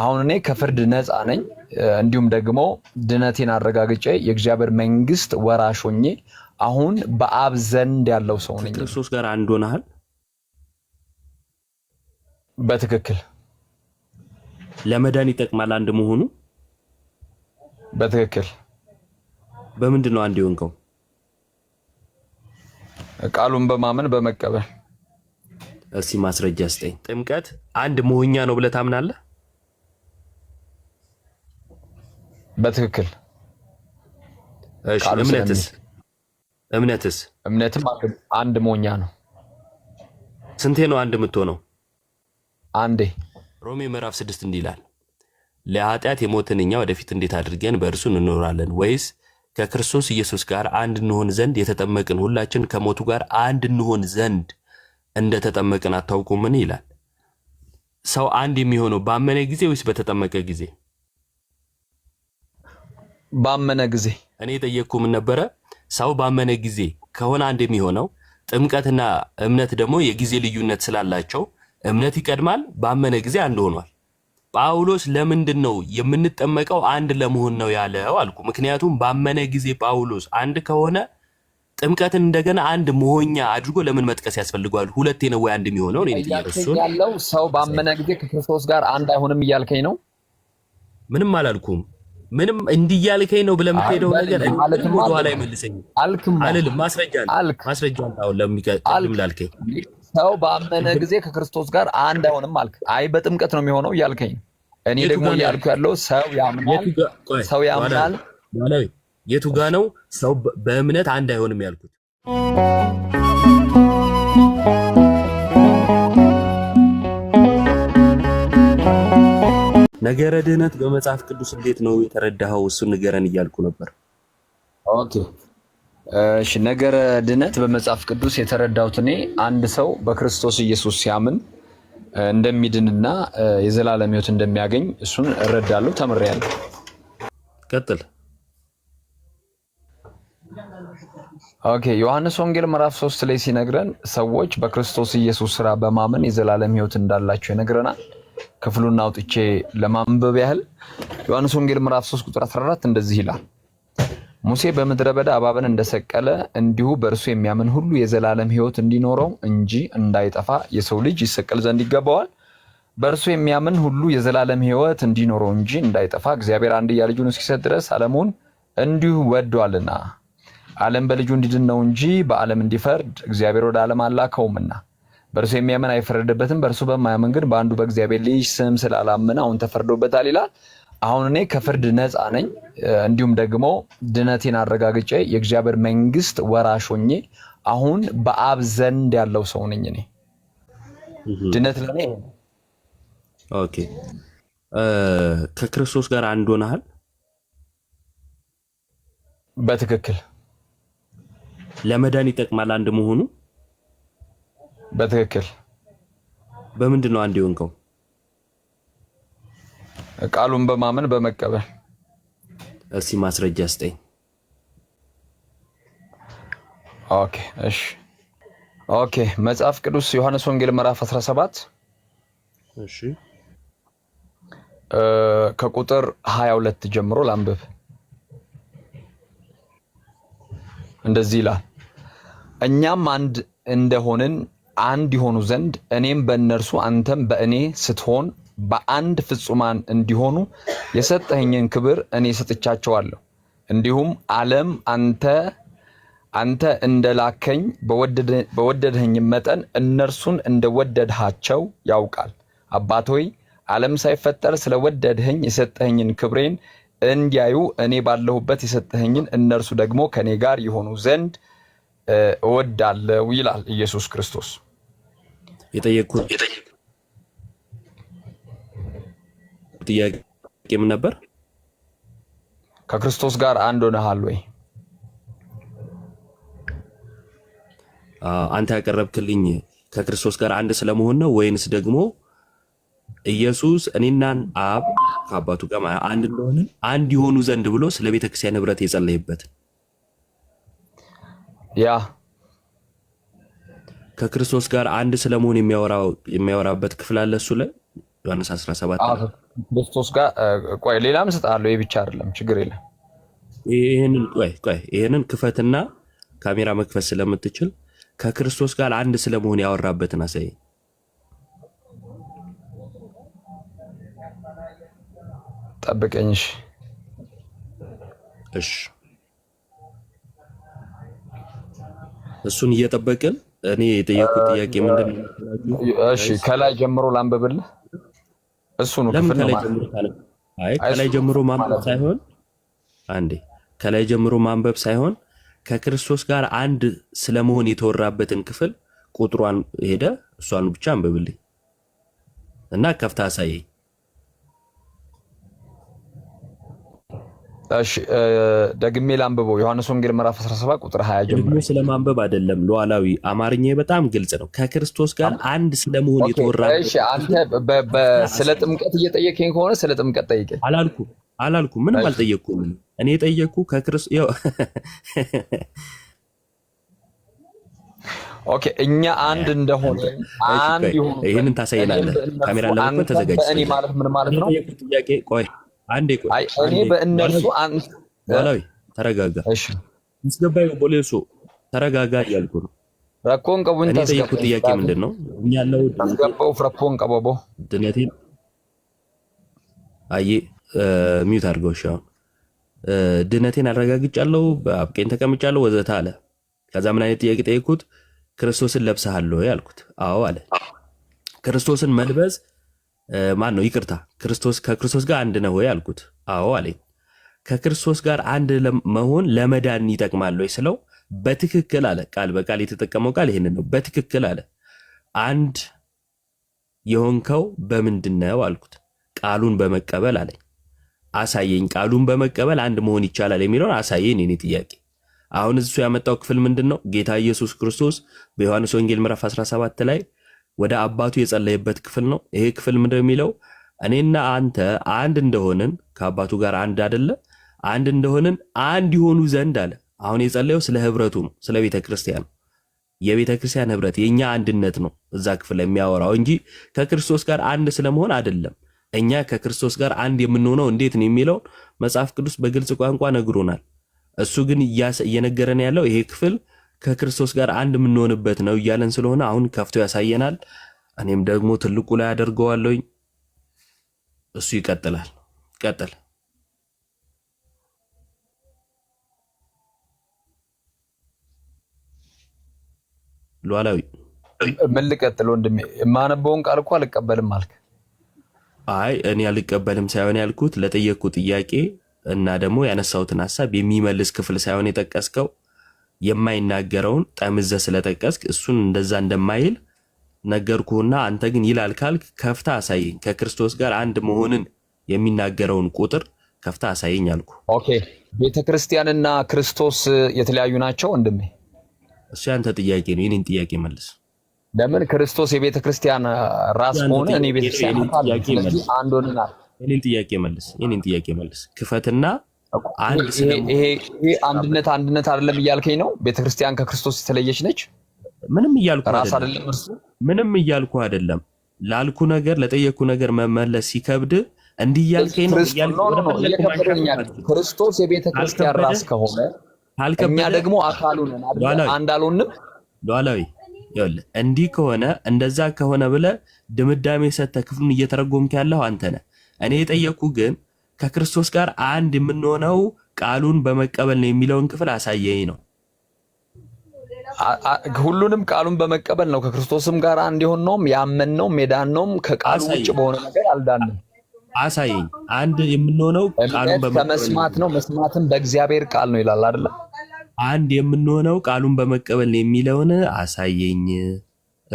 አሁን እኔ ከፍርድ ነፃ ነኝ፣ እንዲሁም ደግሞ ድነቴን አረጋግጬ የእግዚአብሔር መንግስት ወራሽ ሆኜ አሁን በአብ ዘንድ ያለው ሰው ነኝ። ክርስቶስ ጋር አንድ ሆነሃል። በትክክል ለመዳን ይጠቅማል አንድ መሆኑ። በትክክል በምንድን ነው አንድ የሆንከው? ቃሉን በማመን በመቀበል። እስቲ ማስረጃ ስጠኝ። ጥምቀት አንድ መሆኛ ነው ብለህ ታምናለህ? በትክክል እምነትስ እምነትስ እምነትም አንድ ሞኛ ነው። ስንቴ ነው አንድ የምትሆነው? አንዴ። ሮሜ ምዕራፍ ስድስት እንዲህ ይላል ለኃጢአት የሞትን እኛ ወደፊት እንዴት አድርገን በእርሱ እንኖራለን? ወይስ ከክርስቶስ ኢየሱስ ጋር አንድ እንሆን ዘንድ የተጠመቅን ሁላችን ከሞቱ ጋር አንድ እንሆን ዘንድ እንደተጠመቅን አታውቁምን? ይላል። ሰው አንድ የሚሆነው ባመነ ጊዜ ወይስ በተጠመቀ ጊዜ? ባመነ ጊዜ እኔ የጠየቅኩ ምን ነበረ? ሰው ባመነ ጊዜ ከሆነ አንድ የሚሆነው ጥምቀትና እምነት ደግሞ የጊዜ ልዩነት ስላላቸው እምነት ይቀድማል። ባመነ ጊዜ አንድ ሆኗል። ጳውሎስ ለምንድን ነው የምንጠመቀው አንድ ለመሆን ነው ያለው አልኩ። ምክንያቱም ባመነ ጊዜ ጳውሎስ አንድ ከሆነ ጥምቀትን እንደገና አንድ መሆኛ አድርጎ ለምን መጥቀስ ያስፈልገዋል? ሁለቴ ነው ወይ አንድ የሚሆነው? ያለው ሰው ባመነ ጊዜ ከክርስቶስ ጋር አንድ አይሆንም እያልከኝ ነው? ምንም አላልኩም። ምንም እንዲያልከኝ ነው ብለህ የምትሄደው ነገር ወደኋላ ይመልሰኝ አልልም። ማስረጃ ማስረጃ አሁን ለሚቀጥልም ላልከኝ ሰው በአመነ ጊዜ ከክርስቶስ ጋር አንድ አይሆንም አልክ። አይ በጥምቀት ነው የሚሆነው እያልከኝ፣ እኔ ደግሞ እያልኩ ያለው ሰው ያምናል፣ ሰው ያምናል። የቱ ጋ ነው ሰው በእምነት አንድ አይሆንም ያልኩት? ነገረ ድህነት በመጽሐፍ ቅዱስ እንዴት ነው የተረዳኸው? እሱ ንገረን እያልኩ ነበር። እሺ። ነገረ ድህነት በመጽሐፍ ቅዱስ የተረዳሁት እኔ አንድ ሰው በክርስቶስ ኢየሱስ ሲያምን እንደሚድንና የዘላለም ሕይወት እንደሚያገኝ እሱን እረዳለሁ፣ ተምሬያለሁ። ቀጥል። ኦኬ ዮሐንስ ወንጌል ምዕራፍ ሶስት ላይ ሲነግረን ሰዎች በክርስቶስ ኢየሱስ ስራ በማመን የዘላለም ሕይወት እንዳላቸው ይነግረናል። ክፍሉን አውጥቼ ለማንበብ ያህል ዮሐንስ ወንጌል ምዕራፍ 3 ቁጥር 14 እንደዚህ ይላል፣ ሙሴ በምድረ በዳ እባብን እንደሰቀለ እንዲሁ በእርሱ የሚያምን ሁሉ የዘላለም ሕይወት እንዲኖረው እንጂ እንዳይጠፋ የሰው ልጅ ይሰቀል ዘንድ ይገባዋል። በእርሱ የሚያምን ሁሉ የዘላለም ሕይወት እንዲኖረው እንጂ እንዳይጠፋ እግዚአብሔር አንድያ ልጁን እስኪሰጥ ድረስ ዓለሙን እንዲሁ ወዷልና ዓለም በልጁ እንዲድን ነው እንጂ በዓለም እንዲፈርድ እግዚአብሔር ወደ ዓለም አላከውምና በእርሱ የሚያምን አይፈረድበትም፣ በእርሱ በማያምን ግን በአንዱ በእግዚአብሔር ልጅ ስም ስላላመነ አሁን ተፈርዶበታል ይላል። አሁን እኔ ከፍርድ ነፃ ነኝ፣ እንዲሁም ደግሞ ድነቴን አረጋግጬ የእግዚአብሔር መንግስት ወራሽ ሆኜ አሁን በአብ ዘንድ ያለው ሰው ነኝ። እኔ ድነት ለእኔ ኦኬ። ከክርስቶስ ጋር አንድ ሆነሃል። በትክክል ለመዳን ይጠቅማል አንድ መሆኑ በትክክል በምንድን ነው አንድ የሆንከው? ቃሉን በማመን በመቀበል። እስኪ ማስረጃ ስጠኝ። ኦኬ፣ እሺ፣ ኦኬ። መጽሐፍ ቅዱስ ዮሐንስ ወንጌል ምዕራፍ 17 እሺ፣ ከቁጥር 22 ጀምሮ ላንብብ። እንደዚህ ይላል፣ እኛም አንድ እንደሆንን አንድ ይሆኑ ዘንድ እኔም በእነርሱ አንተም በእኔ ስትሆን በአንድ ፍጹማን እንዲሆኑ የሰጠኸኝን ክብር እኔ ሰጥቻቸዋለሁ። እንዲሁም ዓለም አንተ አንተ እንደላከኝ በወደድኸኝም መጠን እነርሱን እንደወደድሃቸው ያውቃል። አባት ሆይ ዓለም ሳይፈጠር ስለወደድኸኝ የሰጠኸኝን ክብሬን እንዲያዩ እኔ ባለሁበት የሰጠኸኝን እነርሱ ደግሞ ከእኔ ጋር የሆኑ ዘንድ እወዳለው ይላል ኢየሱስ ክርስቶስ። የጠየቅኩት ጥያቄ ምን ነበር? ከክርስቶስ ጋር አንድ ሆነሃል ወይ? አንተ ያቀረብክልኝ ከክርስቶስ ጋር አንድ ስለመሆን ነው ወይንስ ደግሞ ኢየሱስ እኔናን አብ ከአባቱ ጋር አንድ እንደሆንን አንድ የሆኑ ዘንድ ብሎ ስለ ቤተክርስቲያን ህብረት የጸለይበት ያ ከክርስቶስ ጋር አንድ ስለመሆን የሚያወራበት ክፍል አለ። እሱ ላይ ዮሐንስ 17 ክርስቶስ ጋር ቆይ፣ ሌላም እሰጥሃለሁ። ብቻ አይደለም፣ ችግር የለም። ይህንን ክፈትና ካሜራ መክፈት ስለምትችል ከክርስቶስ ጋር አንድ ስለመሆን ያወራበትን አሳይ ጠብቀኝ። እሺ እሱን እየጠበቅን እኔ የጠየኩት ጥያቄ ምንድን ነው? ከላይ ጀምሮ ላንብብልህ። እሱ ነው ለምን ከላይ ጀምሮ አይ ከላይ ጀምሮ ማንበብ ሳይሆን አንዴ ከላይ ጀምሮ ማንበብ ሳይሆን ከክርስቶስ ጋር አንድ ስለመሆን የተወራበትን ክፍል ቁጥሯን ሄደ እሷን ብቻ አንብብልኝ እና ከፍታ አሳየኝ። ደግሜ ላንብበው ዮሐንስ ወንጌል ምዕራፍ 17 ቁጥር 20 ጀምሮ ስለ ማንበብ አይደለም ሉዓላዊ አማርኛ በጣም ግልጽ ነው። ከክርስቶስ ጋር አንድ ስለመሆን የተወራ አንተ ስለ ጥምቀት እየጠየቀኝ ከሆነ ስለ ጥምቀት ጠይቀ አላልኩ አላልኩ ምንም አልጠየቅኩም። እኔ የጠየቅኩ ከክርስቶስ ኦኬ እኛ አንድ እንደሆነ አንድ ይሁን። ይህንን ታሳይናለህ። ካሜራ ለመክፈት ተዘጋጅ ማለት ምን ማለት ነው? ቆይ አንዴ ቆይ፣ እኔ በእነሱ ባላዊ ተረጋጋ። ምስገባይ ቦሌሶ ተረጋጋ እያልኩ ነው። ረኮን ቀቡን ታስገቡ። ጥያቄ ምንድን ነው? እኛ ያለው ታስገባው ረኮን ቀበቦ ድነቴ አይ ሚዩት አድርገው። እሺ አሁን ድነቴን አረጋግጫለሁ፣ በአብቄን ተቀምጫለሁ ወዘተ አለ። ከዛ ምን አይነት ጥያቄ ጠየቅኩት? ክርስቶስን ለብሰሃል ወይ አልኩት። አዎ አለ። ክርስቶስን መልበስ ማን ነው? ይቅርታ ክርስቶስ ከክርስቶስ ጋር አንድ ነው ወይ አልኩት። አዎ አለኝ። ከክርስቶስ ጋር አንድ መሆን ለመዳን ይጠቅማል ወይ ስለው በትክክል አለ። ቃል በቃል የተጠቀመው ቃል ይሄንን ነው። በትክክል አለ። አንድ የሆንከው በምንድን ነው አልኩት። ቃሉን በመቀበል አለኝ። አሳየኝ። ቃሉን በመቀበል አንድ መሆን ይቻላል የሚለውን አሳየኝ። እኔ ጥያቄ አሁን እሱ ያመጣው ክፍል ምንድን ነው? ጌታ ኢየሱስ ክርስቶስ በዮሐንስ ወንጌል ምዕራፍ 17 ላይ ወደ አባቱ የጸለየበት ክፍል ነው። ይሄ ክፍል ምንድ የሚለው? እኔና አንተ አንድ እንደሆንን ከአባቱ ጋር አንድ አደለ አንድ እንደሆንን አንድ ይሆኑ ዘንድ አለ። አሁን የጸለየው ስለ ህብረቱ ነው፣ ስለ ቤተ ክርስቲያን ነው። የቤተ ክርስቲያን ህብረት የእኛ አንድነት ነው እዛ ክፍል የሚያወራው እንጂ ከክርስቶስ ጋር አንድ ስለመሆን አይደለም። እኛ ከክርስቶስ ጋር አንድ የምንሆነው እንዴት ነው የሚለውን መጽሐፍ ቅዱስ በግልጽ ቋንቋ ነግሮናል። እሱ ግን እየነገረን ያለው ይሄ ክፍል ከክርስቶስ ጋር አንድ የምንሆንበት ነው እያለን ስለሆነ አሁን ከፍቶ ያሳየናል። እኔም ደግሞ ትልቁ ላይ አደርገዋለሁኝ። እሱ ይቀጥላል። ቀጥል ሉዓላዊ ምን ልቀጥል ወንድሜ? የማነበውን ቃል እኮ አልቀበልም አልክ። አይ እኔ አልቀበልም ሳይሆን ያልኩት ለጠየቅኩ ጥያቄ እና ደግሞ ያነሳሁትን ሀሳብ የሚመልስ ክፍል ሳይሆን የጠቀስከው የማይናገረውን ጠምዘ ስለጠቀስክ እሱን እንደዛ እንደማይል ነገርኩህና አንተ ግን ይላል ካልክ ከፍታ አሳየኝ። ከክርስቶስ ጋር አንድ መሆንን የሚናገረውን ቁጥር ከፍታ አሳየኝ አልኩ። ኦኬ ቤተ ክርስቲያንና ክርስቶስ የተለያዩ ናቸው ወንድሜ? እሱ ያንተ ጥያቄ ነው። ይህንን ጥያቄ መልስ። ለምን ክርስቶስ የቤተ ክርስቲያን ራስ ሆነ እኔ ቤተክርስቲያን አንድ ሆነናል። ጥያቄ መልስ። ይህንን ጥያቄ መልስ ክፈትና ይሄ አንድነት አንድነት አይደለም እያልከኝ ነው? ቤተክርስቲያን ከክርስቶስ የተለየች ነች? ምንም እያልኩ አይደለም ምንም እያልኩ አይደለም። ላልኩ ነገር ለጠየቅኩ ነገር መመለስ ሲከብድ እንዲህ እያልከኝ ነው። ክርስቶስ የቤተ ራስ ከሆነ እኛ ደግሞ አካሉ ነን። አንድ አልሆንም። ሉዓላዊ እንዲህ ከሆነ እንደዛ ከሆነ ብለህ ድምዳሜ ሰተህ ክፍሉን እየተረጎምክ ያለኸው አንተ ነህ። እኔ የጠየቅኩ ግን ከክርስቶስ ጋር አንድ የምንሆነው ቃሉን በመቀበል ነው የሚለውን ክፍል አሳየኝ ነው። ሁሉንም ቃሉን በመቀበል ነው። ከክርስቶስም ጋር አንድ የሆን ነውም ያመን ነውም ሜዳን ነውም ከቃሉ ውጭ በሆነ ነገር አልዳንም። አሳየኝ። አንድ የምንሆነው ቃሉን በመስማት ነው፣ መስማትም በእግዚአብሔር ቃል ነው ይላል አይደለ? አንድ የምንሆነው ቃሉን በመቀበል የሚለውን አሳየኝ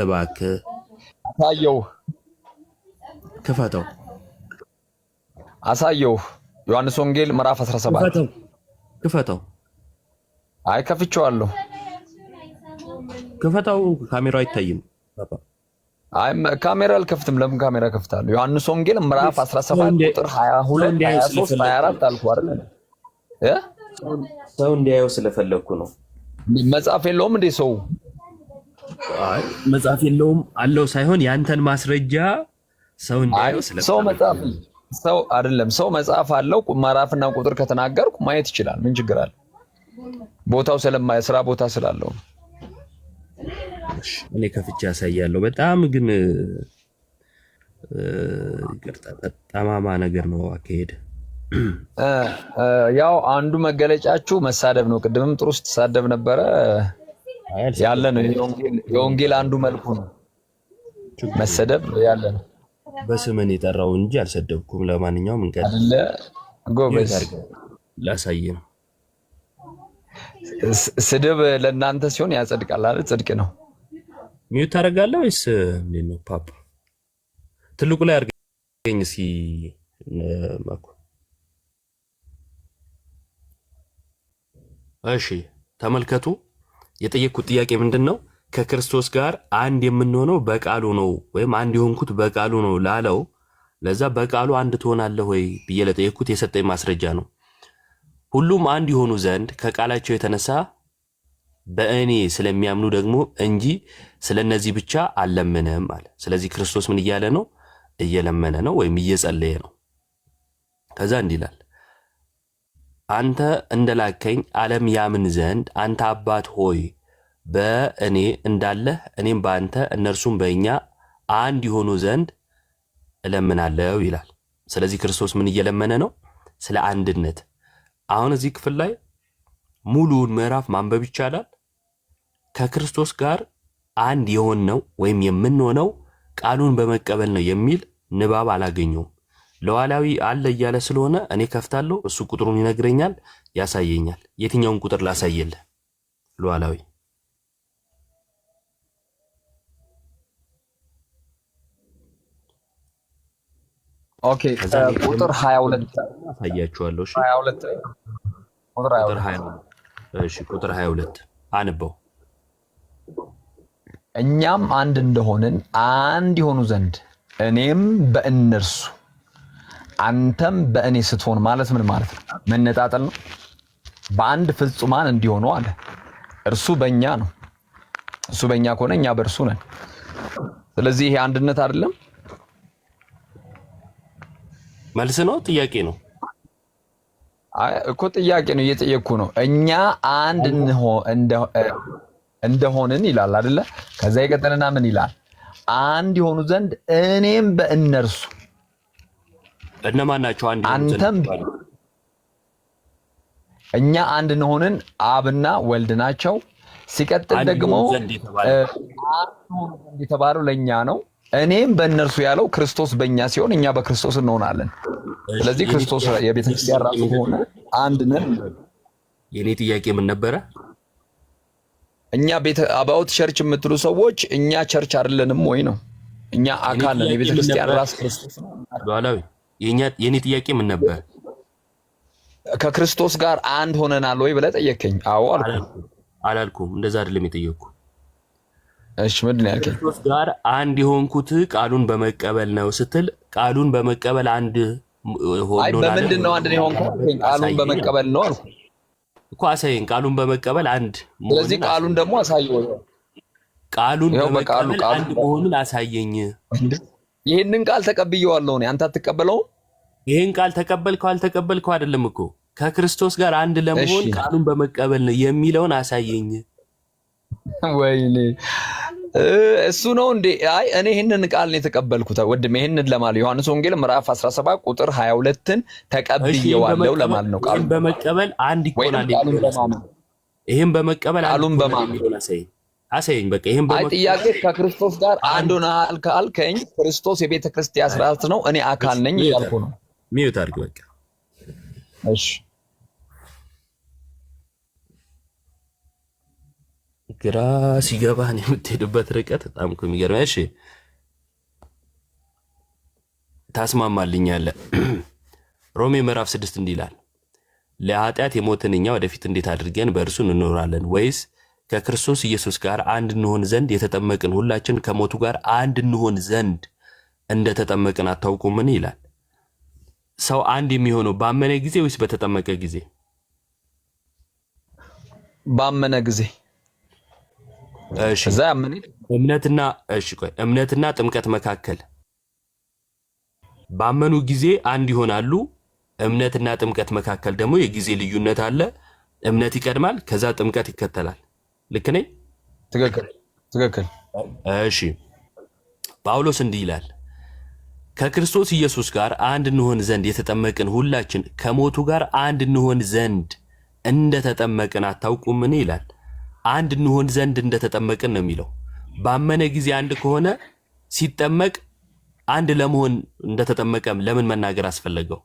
እባክህ። አሳየው፣ ክፈተው አሳየው። ዮሐንስ ወንጌል ምዕራፍ 17 ክፈተው። አይ ከፍቼዋለሁ። ክፈተው። ካሜራ አይታይም። አይ ካሜራ አልከፍትም። ለምን ካሜራ ከፍታለሁ? ዮሐንስ ወንጌል ምዕራፍ 17 ቁጥር 22፣ 23፣ 24 አልኩ አይደል? እ ሰው እንዲያየው ስለፈለግኩ ነው። መጽሐፍ የለውም እንዴ ሰው? አይ መጽሐፍ የለውም አለው ሳይሆን ያንተን ማስረጃ ሰው እንዲያየው ስለፈለግኩ ሰው መጽሐፍ ሰው አይደለም ሰው መጽሐፍ አለው ምዕራፍና ቁጥር ከተናገርኩ ማየት ይችላል። ምን ችግር አለ? ቦታው ስለማ ስራ ቦታ ስላለው እኔ ከፍቼ ያሳያለሁ። በጣም ግን ጠማማ ነገር ነው አካሄድ። ያው አንዱ መገለጫችሁ መሳደብ ነው። ቅድምም ጥሩ ስትሳደብ ነበረ ያለ ነው። የወንጌል አንዱ መልኩ ነው መሰደብ ያለ ነው። በስምን የጠራው እንጂ አልሰደብኩም። ለማንኛውም እንቀል ጎበዝ ላሳይ ነው። ስድብ ለእናንተ ሲሆን ያጸድቃል አለ ጽድቅ ነው። ሚዩት ታደርጋለህ ወይስ እንዴት ነው? ፓፓ ትልቁ ላይ አድርገኝ እስኪ ማኩ። እሺ ተመልከቱ። የጠየቅኩት ጥያቄ ምንድን ነው? ከክርስቶስ ጋር አንድ የምንሆነው በቃሉ ነው፣ ወይም አንድ የሆንኩት በቃሉ ነው ላለው ለዛ በቃሉ አንድ ትሆናለህ ወይ ብዬ ለጠየኩት የሰጠኝ ማስረጃ ነው። ሁሉም አንድ የሆኑ ዘንድ ከቃላቸው የተነሳ በእኔ ስለሚያምኑ ደግሞ እንጂ ስለ እነዚህ ብቻ አልለምንም አለ። ስለዚህ ክርስቶስ ምን እያለ ነው? እየለመነ ነው ወይም እየጸለየ ነው። ከዛ እንዲህ ይላል፣ አንተ እንደላከኝ ዓለም ያምን ዘንድ አንተ አባት ሆይ በእኔ እንዳለህ እኔም በአንተ እነርሱም በእኛ አንድ የሆኑ ዘንድ እለምናለው ይላል። ስለዚህ ክርስቶስ ምን እየለመነ ነው? ስለ አንድነት። አሁን እዚህ ክፍል ላይ ሙሉውን ምዕራፍ ማንበብ ይቻላል። ከክርስቶስ ጋር አንድ የሆን ነው ወይም የምንሆነው ቃሉን በመቀበል ነው የሚል ንባብ አላገኘውም። ለዋላዊ አለ እያለ ስለሆነ እኔ ከፍታለሁ። እሱ ቁጥሩን ይነግረኛል፣ ያሳየኛል። የትኛውን ቁጥር ላሳየልህ? ለዋላዊ ኦኬ ቁጥር 22 አሳያችኋለሁ። እሺ ቁጥር አንበው። እኛም አንድ እንደሆንን አንድ የሆኑ ዘንድ እኔም በእነርሱ አንተም በእኔ ስትሆን ማለት ምን ማለት ነው? መነጣጠል ነው። በአንድ ፍጹማን እንዲሆኑ አለ። እርሱ በእኛ ነው፣ እሱ በእኛ ከሆነ እኛ በእርሱ ነን። ስለዚህ ይሄ አንድነት አይደለም። መልስ ነው ጥያቄ ነው እኮ ጥያቄ ነው እየጠየቅኩ ነው። እኛ አንድ እንደሆንን ይላል አደለ ከዛ የቀጠልና ምን ይላል? አንድ የሆኑ ዘንድ እኔም በእነርሱ እነማን ናቸው? አንተም እኛ አንድ እንሆንን አብና ወልድ ናቸው። ሲቀጥል ደግሞ የተባለው ለእኛ ነው። እኔም በእነርሱ ያለው ክርስቶስ በእኛ ሲሆን እኛ በክርስቶስ እንሆናለን። ስለዚህ ክርስቶስ የቤተክርስቲያን ራሱ ሆነ አንድ ነን። የእኔ ጥያቄ ምን ነበረ? እኛ ቤተ አባውት ቸርች የምትሉ ሰዎች እኛ ቸርች አይደለንም ወይ ነው? እኛ አካል ነን። የቤተክርስቲያን ራስ ክርስቶስ ነው። የእኔ ጥያቄ ምን ነበር? ከክርስቶስ ጋር አንድ ሆነናል ወይ ብለህ ጠየከኝ። አዎ አልኩ። አላልኩም። እንደዛ አይደለም የጠየቅኩ እሺ ምንድን ያልከኝ? ክርስቶስ ጋር አንድ የሆንኩት ቃሉን በመቀበል ነው ስትል ቃሉን በመቀበል አንድ ሆኖ በምንድን ነው አንድ የሆንኩት? ቃሉን በመቀበል ነው አልኩ እኮ አሳይን። ቃሉን በመቀበል አንድ ስለዚህ ቃሉን ደግሞ አሳየኝ። ቃሉን በመቀበል አንድ መሆኑን አሳየኝ። ይህንን ቃል ተቀብየዋለሁ እኔ። አንተ አትቀበለውም? ይህን ቃል ተቀበልከው አልተቀበልከው አይደለም እኮ ከክርስቶስ ጋር አንድ ለመሆን ቃሉን በመቀበል ነው የሚለውን አሳየኝ። ወይኔ እሱ ነው እንዴ? አይ እኔ ይህንን ቃል ነው የተቀበልኩት ወንድም፣ ይህንን ለማለት ዮሐንስ ወንጌል ምዕራፍ 17 ቁጥር 22ን ተቀብዬዋለሁ ለማለት ነው። ቃሉን በመቀበል አንድ ይቆናል። ይህም በመቀበል ቃሉን በማመን አሰይኝ። በቃ ይህም አይ ጥያቄ ከክርስቶስ ጋር አንድ ሆነሃል ካልከኝ ክርስቶስ የቤተ ክርስቲያን ስርዓት ነው፣ እኔ አካል ነኝ እያልኩ ነው። ሚዩት አድርግ በቃ እሺ ግራ ሲገባህ የምትሄድበት ርቀት በጣም እኮ የሚገርም። እሺ ታስማማልኛለ። ሮሜ ምዕራፍ ስድስት እንዲህ ይላል ለኃጢአት የሞትን እኛ ወደፊት እንዴት አድርገን በእርሱ እንኖራለን? ወይስ ከክርስቶስ ኢየሱስ ጋር አንድ እንሆን ዘንድ የተጠመቅን ሁላችን ከሞቱ ጋር አንድ እንሆን ዘንድ እንደተጠመቅን አታውቁምን? ይላል። ሰው አንድ የሚሆነው ባመነ ጊዜ ወይስ በተጠመቀ ጊዜ? ባመነ ጊዜ እምነትና እሺ ቆይ እምነትና ጥምቀት መካከል ባመኑ ጊዜ አንድ ይሆናሉ። እምነትና ጥምቀት መካከል ደግሞ የጊዜ ልዩነት አለ። እምነት ይቀድማል፣ ከዛ ጥምቀት ይከተላል። ልክ ነኝ? ትክክል። እሺ ጳውሎስ እንዲህ ይላል፣ ከክርስቶስ ኢየሱስ ጋር አንድ እንሆን ዘንድ የተጠመቅን ሁላችን ከሞቱ ጋር አንድ እንሆን ዘንድ እንደተጠመቅን አታውቁምን? ይላል አንድ እንሆን ዘንድ እንደተጠመቅን ነው የሚለው። ባመነ ጊዜ አንድ ከሆነ ሲጠመቅ አንድ ለመሆን እንደተጠመቀ ለምን መናገር አስፈለገው?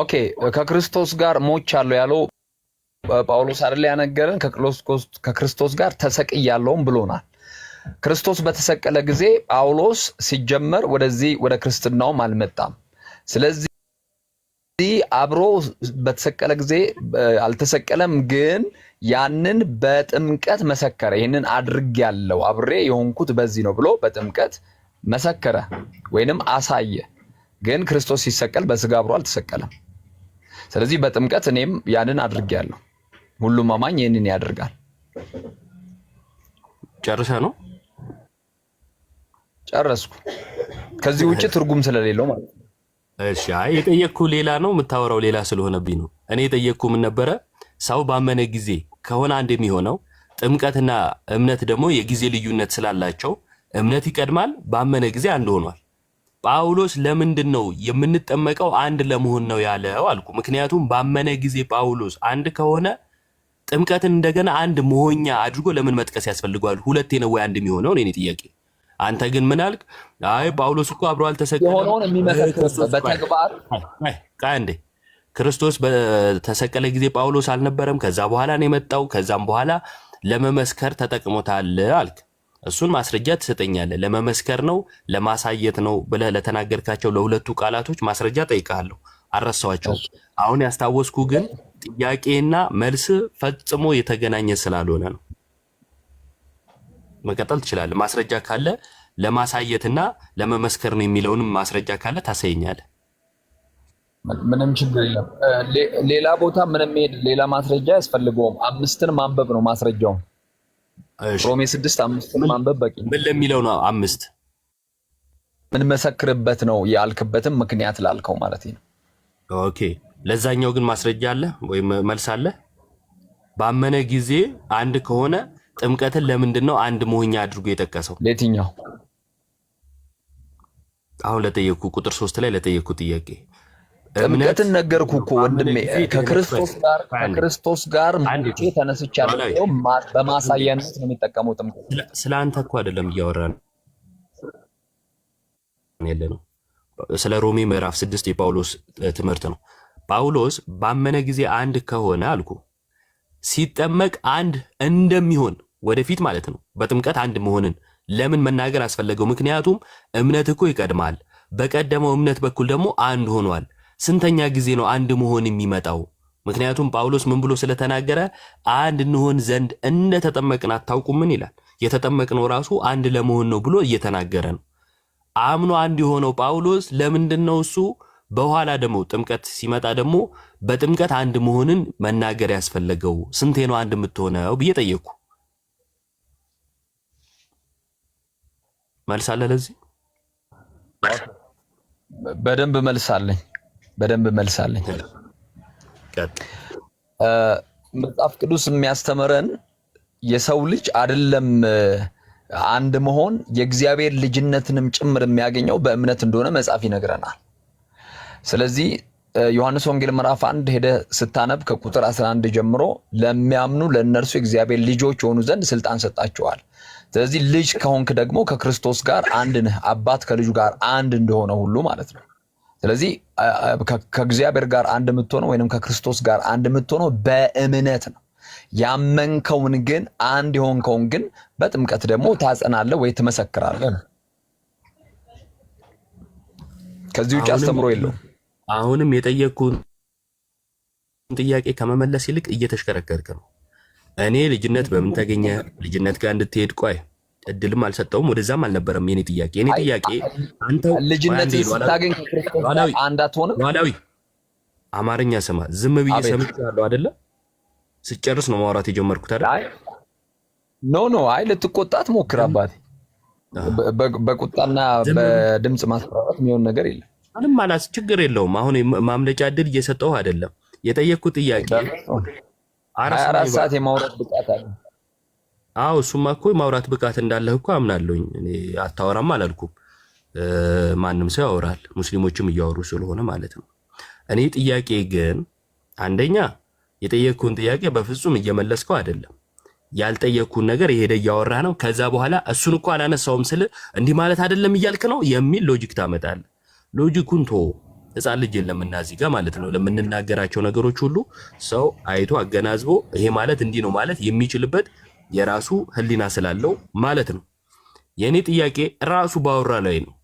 ኦኬ ከክርስቶስ ጋር ሞቻለሁ ያለው ጳውሎስ አይደለ? ያነገረን ከክርስቶስ ጋር ተሰቅያለውም ብሎናል። ክርስቶስ በተሰቀለ ጊዜ ጳውሎስ ሲጀመር ወደዚህ ወደ ክርስትናውም አልመጣም። ስለዚህ አብሮ በተሰቀለ ጊዜ አልተሰቀለም፣ ግን ያንን በጥምቀት መሰከረ። ይህንን አድርግ ያለው አብሬ የሆንኩት በዚህ ነው ብሎ በጥምቀት መሰከረ ወይንም አሳየ። ግን ክርስቶስ ሲሰቀል በስጋ አብሮ አልተሰቀለም። ስለዚህ በጥምቀት እኔም ያንን አድርግ ያለው ሁሉም አማኝ ይህንን ያደርጋል። ጨርሰ ነው ጨረስኩ። ከዚህ ውጭ ትርጉም ስለሌለው ማለት ነው። እሺ አይ የጠየቅኩ ሌላ ነው የምታወራው ሌላ ስለሆነብኝ ነው። እኔ የጠየቅኩ ምን ነበረ፣ ሰው ባመነ ጊዜ ከሆነ አንድ የሚሆነው ጥምቀትና እምነት ደግሞ የጊዜ ልዩነት ስላላቸው እምነት ይቀድማል። ባመነ ጊዜ አንድ ሆኗል። ጳውሎስ ለምንድን ነው የምንጠመቀው አንድ ለመሆን ነው ያለው አልኩ። ምክንያቱም ባመነ ጊዜ ጳውሎስ አንድ ከሆነ ጥምቀትን እንደገና አንድ መሆኛ አድርጎ ለምን መጥቀስ ያስፈልገዋል? ሁለቴ ነው ወይ አንድ የሚሆነው? እኔ ጥያቄ አንተ ግን ምን አልክ? አይ ጳውሎስ እኮ አብሮ አልተሰቀለም። ክርስቶስ በተሰቀለ ጊዜ ጳውሎስ አልነበረም፣ ከዛ በኋላ ነው የመጣው። ከዛም በኋላ ለመመስከር ተጠቅሞታል አልክ። እሱን ማስረጃ ትሰጠኛለህ። ለመመስከር ነው ለማሳየት ነው ብለህ ለተናገርካቸው ለሁለቱ ቃላቶች ማስረጃ ጠይቃለሁ። አልረሳኋቸውም። አሁን ያስታወስኩ ግን ጥያቄና መልስ ፈጽሞ የተገናኘ ስላልሆነ ነው። መቀጠል ትችላለ ማስረጃ ካለ ለማሳየትና ለመመስከር ነው የሚለውንም ማስረጃ ካለ ታሳየኛለ ምንም ችግር የለም። ሌላ ቦታ ምንም ሄድ ሌላ ማስረጃ አያስፈልገውም። አምስትን ማንበብ ነው ማስረጃውን። ሮሜ ስድስት አምስትን ማንበብ በቂ። ምን ለሚለው ነው አምስት ምን መሰክርበት ነው ያልክበትም ምክንያት ላልከው ማለት ነው። ኦኬ ለዛኛው ግን ማስረጃ አለ ወይም መልስ አለ። ባመነ ጊዜ አንድ ከሆነ ጥምቀትን ለምንድን ነው አንድ መሆኛ አድርጎ የጠቀሰው? ለየትኛው አሁን ለጠየቅኩ ቁጥር ሶስት ላይ ለጠየቅኩ ጥያቄ ጥምቀትን ነገርኩ እኮ ወንድሜ። ከክርስቶስ ጋር ምጭ ተነስቻለሁ በማሳያነት ነው የሚጠቀመው ጥምቀት። ስለ አንተ እኮ አይደለም እያወራን ያለ ነው፣ ስለ ሮሜ ምዕራፍ ስድስት የጳውሎስ ትምህርት ነው። ጳውሎስ ባመነ ጊዜ አንድ ከሆነ አልኩ ሲጠመቅ አንድ እንደሚሆን ወደፊት ማለት ነው በጥምቀት አንድ መሆንን ለምን መናገር አስፈለገው? ምክንያቱም እምነት እኮ ይቀድማል። በቀደመው እምነት በኩል ደግሞ አንድ ሆኗል። ስንተኛ ጊዜ ነው አንድ መሆን የሚመጣው? ምክንያቱም ጳውሎስ ምን ብሎ ስለተናገረ አንድ እንሆን ዘንድ እንደተጠመቅን አታውቁምን ይላል። የተጠመቅነው ራሱ አንድ ለመሆን ነው ብሎ እየተናገረ ነው። አምኖ አንድ የሆነው ጳውሎስ ለምንድን ነው እሱ በኋላ ደግሞ ጥምቀት ሲመጣ ደግሞ በጥምቀት አንድ መሆንን መናገር ያስፈለገው? ስንቴ ነው አንድ የምትሆነው ብዬ ጠየቅኩ። መልስ አለ ለዚህ በደንብ መልስ አለኝ። በደንብ መልስ አለኝ። መጽሐፍ ቅዱስ የሚያስተምረን የሰው ልጅ አይደለም አንድ መሆን የእግዚአብሔር ልጅነትንም ጭምር የሚያገኘው በእምነት እንደሆነ መጽሐፍ ይነግረናል። ስለዚህ ዮሐንስ ወንጌል ምዕራፍ አንድ ሄደ ስታነብ ከቁጥር 11 ጀምሮ ለሚያምኑ ለእነርሱ የእግዚአብሔር ልጆች የሆኑ ዘንድ ስልጣን ሰጣቸዋል ስለዚህ ልጅ ከሆንክ ደግሞ ከክርስቶስ ጋር አንድ ነህ፣ አባት ከልጁ ጋር አንድ እንደሆነ ሁሉ ማለት ነው። ስለዚህ ከእግዚአብሔር ጋር አንድ የምትሆነው ወይም ከክርስቶስ ጋር አንድ የምትሆነው በእምነት ነው። ያመንከውን ግን አንድ የሆንከውን ግን በጥምቀት ደግሞ ታጸናለህ ወይ ትመሰክራለህ። ከዚህ ውጭ አስተምሮ የለውም። አሁንም የጠየቅኩን ጥያቄ ከመመለስ ይልቅ እየተሽከረከርክ ነው። እኔ ልጅነት በምን ተገኘ? ልጅነት ጋር እንድትሄድ ቆይ እድልም አልሰጠውም፣ ወደዛም አልነበረም የኔ ጥያቄ። የኔ ጥያቄ አንተው ልጅነት ስታገኝ አንድ አትሆንም። ሉዓላዊ አማርኛ ስማ፣ ዝም ብዬ ሰምቻለሁ አደለ? ስጨርስ ነው ማውራት የጀመርኩት አይደል? ኖ ኖ፣ አይ ልትቆጣት ሞክር አባቴ። በቁጣና በድምፅ ማስፈራራት የሚሆን ነገር የለም። ምንም አላስ ችግር የለውም። አሁን ማምለጫ እድል እየሰጠው አደለም። የጠየቅኩ ጥያቄ አራት ሰዓት የማውራት ብቃት አለ። አዎ እሱማ እኮ ማውራት ብቃት እንዳለህ እኮ አምናለሁኝ። እኔ አታወራም አላልኩም። ማንም ሰው ያወራል፣ ሙስሊሞችም እያወሩ ስለሆነ ማለት ነው። እኔ ጥያቄ ግን አንደኛ የጠየቅኩን ጥያቄ በፍጹም እየመለስከው አይደለም። ያልጠየቅኩን ነገር የሄደ እያወራህ ነው። ከዛ በኋላ እሱን እኮ አላነሳውም ስል እንዲህ ማለት አይደለም እያልክ ነው የሚል ሎጂክ ታመጣለህ። ሎጂኩን ቶ ህፃን ልጅ የለም እና እዚህ ጋር ማለት ነው ለምንናገራቸው ነገሮች ሁሉ ሰው አይቶ አገናዝቦ ይሄ ማለት እንዲህ ነው ማለት የሚችልበት የራሱ ህሊና ስላለው ማለት ነው። የእኔ ጥያቄ ራሱ ባወራ ላይ ነው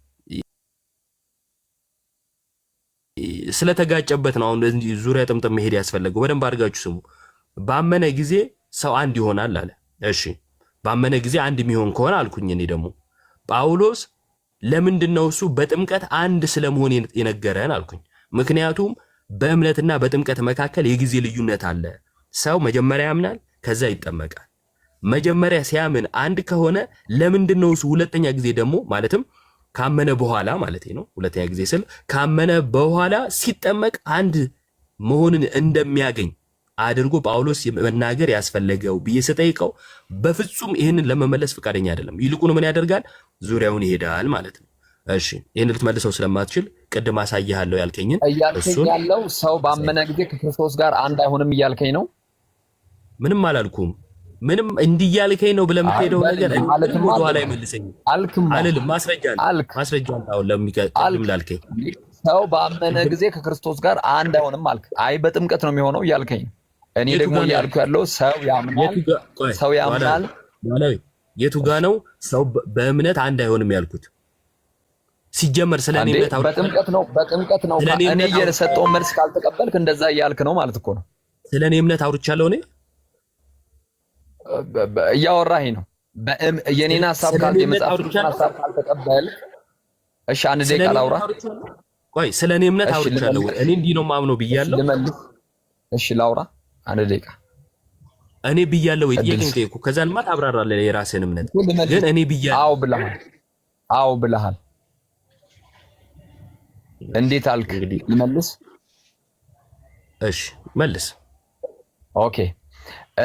ስለተጋጨበት ነው። አሁን ዙሪያ ጥምጥም መሄድ ያስፈለገው በደንብ አድርጋችሁ ስሙ። ባመነ ጊዜ ሰው አንድ ይሆናል አለ። እሺ ባመነ ጊዜ አንድ የሚሆን ከሆነ አልኩኝ እኔ ደግሞ ጳውሎስ ለምንድን ነው እሱ በጥምቀት አንድ ስለመሆን የነገረን አልኩኝ። ምክንያቱም በእምነትና በጥምቀት መካከል የጊዜ ልዩነት አለ። ሰው መጀመሪያ ያምናል፣ ከዛ ይጠመቃል። መጀመሪያ ሲያምን አንድ ከሆነ ለምንድን ነው እሱ ሁለተኛ ጊዜ ደግሞ ማለትም ካመነ በኋላ ማለት ነው። ሁለተኛ ጊዜ ስል ካመነ በኋላ ሲጠመቅ አንድ መሆንን እንደሚያገኝ አድርጎ ጳውሎስ መናገር ያስፈለገው ብዬ ስጠይቀው በፍጹም ይህንን ለመመለስ ፈቃደኛ አይደለም። ይልቁን ምን ያደርጋል? ዙሪያውን ይሄዳል ማለት ነው። እሺ ይህን ልትመልሰው ስለማትችል ቅድም አሳይሃለሁ ያልከኝን እያልከኝ ያለው ሰው ባመነ ጊዜ ከክርስቶስ ጋር አንድ አይሆንም እያልከኝ ነው። ምንም አላልኩም። ምንም እንዲህ እያልከኝ ነው ብለህ የምትሄደው ነገር ወደኋላ ይመልሰኝ አልልም። ማስረጃ ማስረጃ አሁን ለሚቀድም ላልከኝ ሰው ባመነ ጊዜ ከክርስቶስ ጋር አንድ አይሆንም አልክ። አይ በጥምቀት ነው የሚሆነው እያልከኝ እኔ ደግሞ እያልኩ ያለው ሰው ያምናል ሰው ያምናል የቱ ጋ ነው ሰው በእምነት አንድ አይሆንም ያልኩት? ሲጀመር ስለ እኔ እምነት አውራ በጥምቀት ነው በጥምቀት ነው እኔ የሰጠው መልስ ካልተቀበልክ እንደዛ እያልክ ነው ማለት እኮ ነው። ስለ እኔ እምነት አውርቻለሁ። እኔ እያወራኝ ነው። የኔን ሀሳብ ካል የመጽሐፍን ሀሳብ ካልተቀበል፣ እሺ፣ አንድ ደቂቃ ላውራ። ቆይ ስለ እኔ እምነት አውርቻለሁ። እኔ እንዲህ ነው ማምነው ብያለሁ። እሺ ላውራ አንድ ደቂቃ እኔ ብያለሁ ወይ ጥያቄ ጠየቅኩ። ከዛንማ ታብራራለህ የራስህን እምነት ግን እኔ ብያለሁ። አዎ ብለሃል፣ አዎ ብለሃል። እንዴት አልክ? ልመልስ? እሺ መልስ። ኦኬ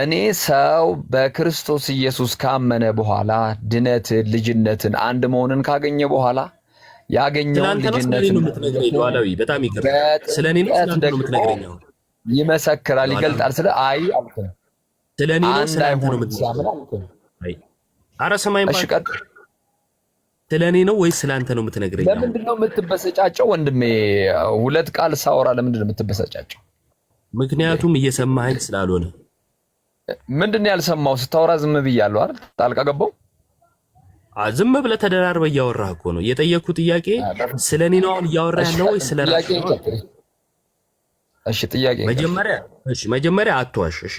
እኔ ሰው በክርስቶስ ኢየሱስ ካመነ በኋላ ድነትን፣ ልጅነትን፣ አንድ መሆንን ካገኘ በኋላ ያገኘውን ልጅነትን በጣም ይመሰክራል፣ ይገልጣል። ስለ አይ አልክ ነው ስለ ነው ስለ አንተ ነው የምትነግረኝ? ኧረ ሰማይ ስለ እኔ ነው ወይስ ስለ ነው የምትነግረኝ? ለምንድን ነው የምትበሰጫቸው ወንድሜ? ሁለት ቃል ሳወራ ለምንድን ነው የምትበሰጫቸው? ምክንያቱም እየሰማኸኝ ስላልሆነ። ምንድን ነው ያልሰማው? ስታወራ ዝም ብያለሁ አይደል? ጣልቃ ገባው ዝም ብለህ ተደራርበህ እያወራህ እኮ ነው። የጠየቅኩህ ጥያቄ ስለ እኔ ነው አሁን እያወራህ ያለው ወይ ስለ ራስህ? መጀመሪያ አትዋሽ እሺ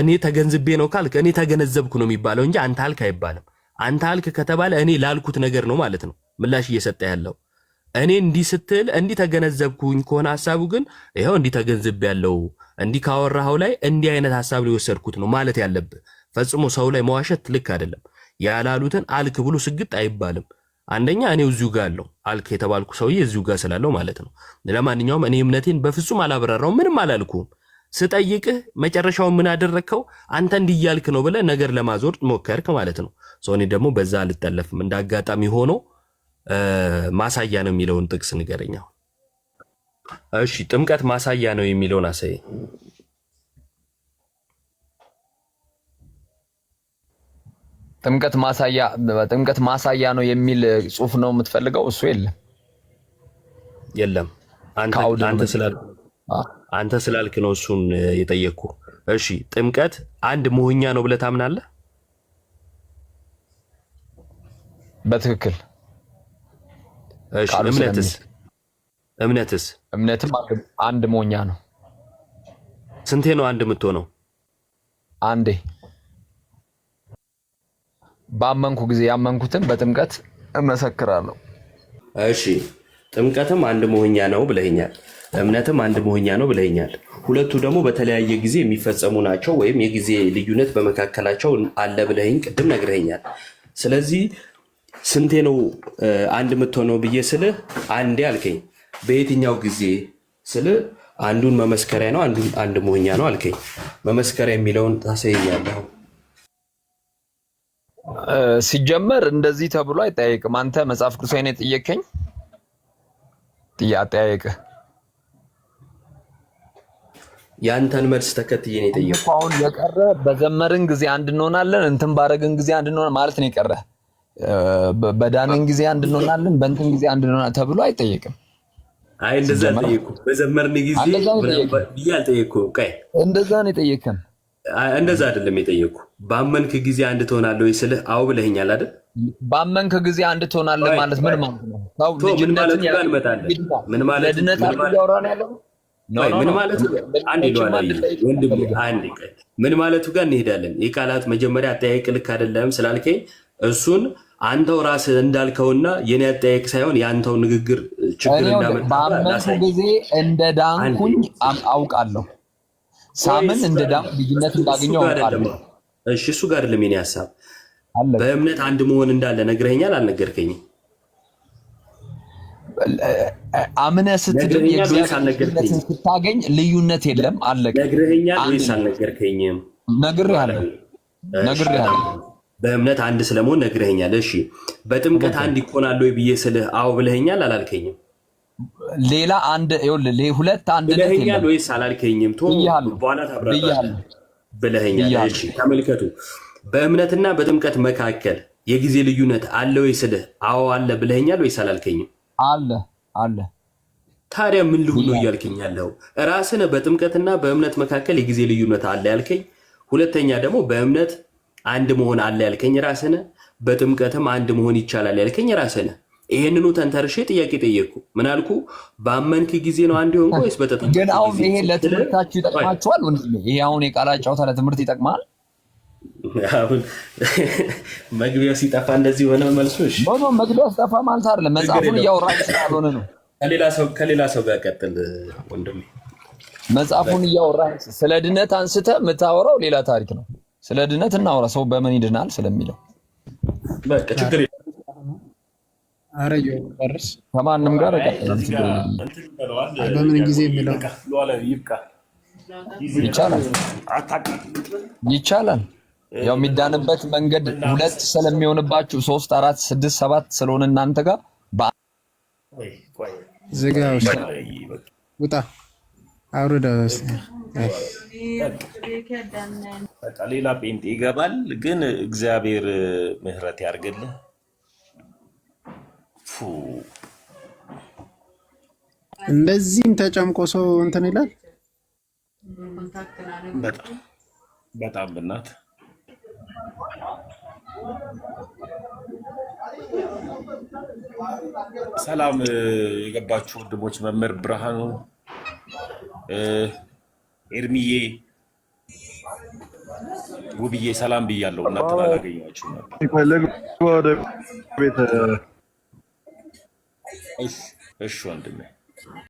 እኔ ተገንዝቤ ነው ካልክ እኔ ተገነዘብኩ ነው የሚባለው እንጂ አንተ አልክ አይባልም። አንተ አልክ ከተባለ እኔ ላልኩት ነገር ነው ማለት ነው ምላሽ እየሰጠ ያለው። እኔ እንዲህ ስትል እንዲህ ተገነዘብኩኝ ከሆነ ሀሳቡ ግን ይኸው እንዲህ ተገንዝብ ያለው እንዲህ ካወራኸው ላይ እንዲህ አይነት ሀሳብ ሊወሰድኩት ነው ማለት ያለብህ። ፈጽሞ ሰው ላይ መዋሸት ልክ አይደለም። ያላሉትን አልክ ብሎ ስግጥ አይባልም። አንደኛ እኔ እዚሁ ጋር አለው አልክ የተባልኩ ሰውዬ እዚሁ ጋር ስላለው ማለት ነው። ለማንኛውም እኔ እምነቴን በፍጹም አላብራራው፣ ምንም አላልኩም። ስጠይቅህ መጨረሻውን ምን አደረግከው አንተ እንዲያልክ ነው ብለህ ነገር ለማዞር ሞከርክ ማለት ነው። እኔ ደግሞ በዛ አልጠለፍም። እንደ አጋጣሚ ሆኖ ማሳያ ነው የሚለውን ጥቅስ ንገረኛ። እሺ፣ ጥምቀት ማሳያ ነው የሚለውን አሳይ። ጥምቀት ማሳያ ጥምቀት ማሳያ ነው የሚል ጽሑፍ ነው የምትፈልገው? እሱ የለም የለም አንተ አንተ አንተ ስላልክ ነው እሱን የጠየቅኩ። እሺ ጥምቀት አንድ መሆኛ ነው ብለህ ታምናለህ? በትክክል እምነትስ እምነትስ እምነትም አንድ ሞኛ ነው። ስንቴ ነው አንድ የምትሆነው? አንዴ ባመንኩ ጊዜ ያመንኩትን በጥምቀት እመሰክራለሁ። እሺ ጥምቀትም አንድ ሞኛ ነው ብለኛል። እምነትም አንድ መሆኛ ነው ብለኛል። ሁለቱ ደግሞ በተለያየ ጊዜ የሚፈጸሙ ናቸው ወይም የጊዜ ልዩነት በመካከላቸው አለ ብለኝ ቅድም ነግረኛል። ስለዚህ ስንቴ ነው አንድ የምትሆነው ብዬ ስልህ አንዴ አልከኝ። በየትኛው ጊዜ ስልህ አንዱን መመስከሪያ ነው አንዱን አንድ መሆኛ ነው አልከኝ። መመስከሪያ የሚለውን ታሳየኛለህ። ሲጀመር እንደዚህ ተብሎ አይጠያየቅም። አንተ መጽሐፍ ቅዱሳዊ ነው የጠየቀኝ አጠያየቅህ ያንተን መልስ ተከትዬ ነው የጠየኩህ። አሁን የቀረ በዘመርን ጊዜ አንድ እንሆናለን፣ እንትን ባረግን ጊዜ አንድ እንሆናለን ማለት ነው የቀረ። በዳንን ጊዜ አንድ እንሆናለን፣ በእንትን ጊዜ አንድ እንሆናለን ተብሎ አይጠየቅም። አይ እንደዛ ጠየቁ። በዘመርን ጊዜ ብዬ አልጠየቅኩም። ቀይ እንደዛ ነው የጠየቅከን። እንደዛ አይደለም የጠየቁ። ባመንክ ጊዜ አንድ ትሆናለ ወይ ስልህ አው ብለኸኛል አይደል? ባመንክ ጊዜ አንድ ትሆናለ ማለት ምን ማለት ነው? ምን ማለት ነው? እንመጣለን። ምን ማለት ነው? ያለው ምን ማለቱ አንድ ምን ማለቱ ጋር እንሄዳለን። ይህ ቃላት መጀመሪያ አጠያየቅ ልክ አይደለም ስላልከኝ እሱን አንተው ራስ እንዳልከውና የኔ አጠያየቅ ሳይሆን የአንተው ንግግር ችግር እንዳመጣ ጊዜ እንደ ዳንኩኝ አውቃለሁ። ሳምን እንደ ዳንኩ ልዩነት እንዳገኘው አውቃለሁ። እሱ ጋር አይደለም የኔ ሀሳብ። በእምነት አንድ መሆን እንዳለ ነግረኸኛል፣ አልነገርከኝም? አምነ ስትድን የእግዚአብሔርን ስታገኝ ልዩነት የለም። አለቀ። ነግርህኛል ወይስ አልነገርከኝም? ነግሬሃለሁ። ነግሬሃለሁ። በእምነት አንድ ስለመሆን ነግርህኛል። እሺ፣ በጥምቀት አንድ ይኮናሉ ወይ ብዬ ስልህ አዎ ብለህኛል አላልከኝም? ሌላ አንድ ሁለት አንድነት ብለኸኛል ወይስ አላልከኝም? ቶ በኋላ ታብራራለህ። ብለህኛል። እሺ፣ ተመልከቱ። በእምነትና በጥምቀት መካከል የጊዜ ልዩነት አለ ወይ ስልህ አዎ አለ ብለህኛል ወይስ አላልከኝም? አለ አለ። ታዲያ ምን ልሁን ነው እያልከኝ ያለው? ራስን በጥምቀትና በእምነት መካከል የጊዜ ልዩነት አለ ያልከኝ፣ ሁለተኛ ደግሞ በእምነት አንድ መሆን አለ ያልከኝ ራስን፣ በጥምቀትም አንድ መሆን ይቻላል ያልከኝ ራስን። ይሄንኑ ተንተርሼ ጥያቄ ጠየቅኩ። ምን አልኩ? በአመንክ ጊዜ ነው አንድ ሆን ወይስ በተጠ ግን አሁን ይሄ ለትምህርታችሁ ይጠቅማችኋል? ይሄ አሁን የቃላት ጨዋታ ለትምህርት ይጠቅማል? አሁን መግቢያው ሲጠፋ እንደዚህ ሆነ መልሶች እሺ መግቢያው ሲጠፋ ማለት አይደለም መጽሐፉን እያወራ ስላልሆነ ነው። ከሌላ ሰው ጋር ቀጥል ወንድሜ። መጽሐፉን እያወራ ስለ ድነት አንስተ የምታወራው ሌላ ታሪክ ነው። ስለ ድነት እናወራ፣ ሰው በምን ይድናል ስለሚለው በቃ ችግር አረስ ከማንም ጋር በምን ጊዜ የሚለው ይቻላል ይቻላል ያው የሚዳንበት መንገድ ሁለት ስለሚሆንባችሁ ሶስት፣ አራት፣ ስድስት፣ ሰባት ስለሆነ እናንተ ጋር ዝጋ። ውጣ ሌላ ጴንጤ ይገባል። ግን እግዚአብሔር ምሕረት ያድርግልህ። እንደዚህም ተጨምቆ ሰው እንትን ይላል። በጣም በጣም ብናት ሰላም የገባችሁ ወንድሞች፣ መምህር ብርሃኑ ኤርሚዬ፣ ውብዬ ሰላም ብያለሁ። እናንተን አላገኘኋችሁ ነበር። እሺ ወንድሜ